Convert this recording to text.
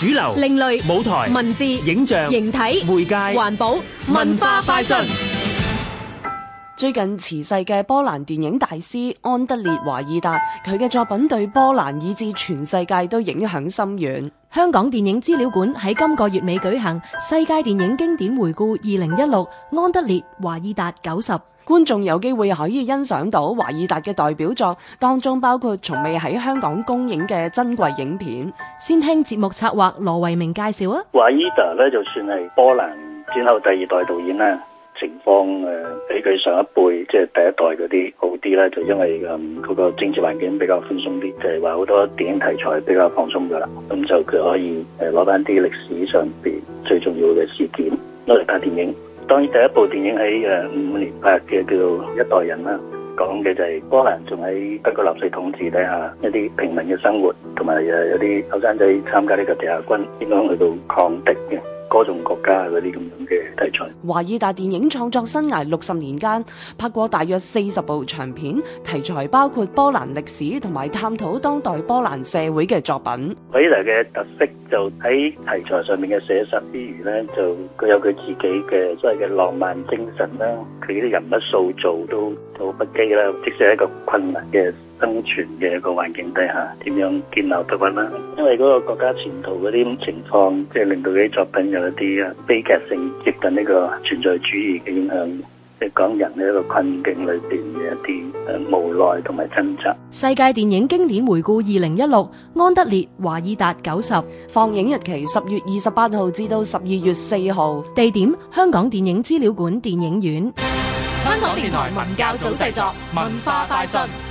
主流、另類舞台、文字、影像、形體、媒介、環保、文化、快訊。最近辭世嘅波蘭電影大師安德烈華爾達佢嘅作品對波蘭以至全世界都影響深遠，香港電影資料館喺今個月尾舉行《世界電影經典回顧二零一六》，安德烈華爾達九十。觀眾有機會可以欣賞到華爾達嘅代表作，當中包括從未喺香港公映嘅珍貴影片。先聽節目策劃羅維明介紹啊。華爾達咧就算係波蘭之後第二代導演咧，情況誒比佢上一輩即係第一代嗰啲好啲咧，就因為誒嗰個、嗯、政治環境比較寬鬆啲，就係話好多電影題材比較放鬆噶啦，咁就佢可以誒攞翻啲歷史上邊最重要嘅事件攞嚟拍電影。當然第一部電影喺五五年拍嘅叫做《一代人》啦，講講嘅就係波蘭仲喺德國納粹統治底下，一啲平民嘅生活，同埋有啲後生仔參加呢個地下軍，點樣去到抗敵嘅。各種國家嗰啲咁樣嘅題材，華爾大電影創作生涯六十年間拍過大約四十部長片，題材包括波蘭歷史同埋探討當代波蘭社會嘅作品。韋尼嘅特色就喺題材上面嘅寫實之餘咧，就佢有佢自己嘅所謂嘅浪漫精神啦。佢啲人物塑造都好不羈啦，即使係一個困難嘅。生存嘅一個環境底下，點樣建立獨立啦？因為嗰個國家前途嗰啲情況即係令到啲作品有一啲啊悲劇性，接近呢個存在主義嘅影響，即係講人呢一個困境裏邊嘅一啲誒啊無奈同埋掙扎。世界電影經典回顧二零一六，安德烈·華爾達九十，放映日期十月二十八號至到十二月四號，地點香港電影資料館電影院。香港電台文教組製作，文化快訊。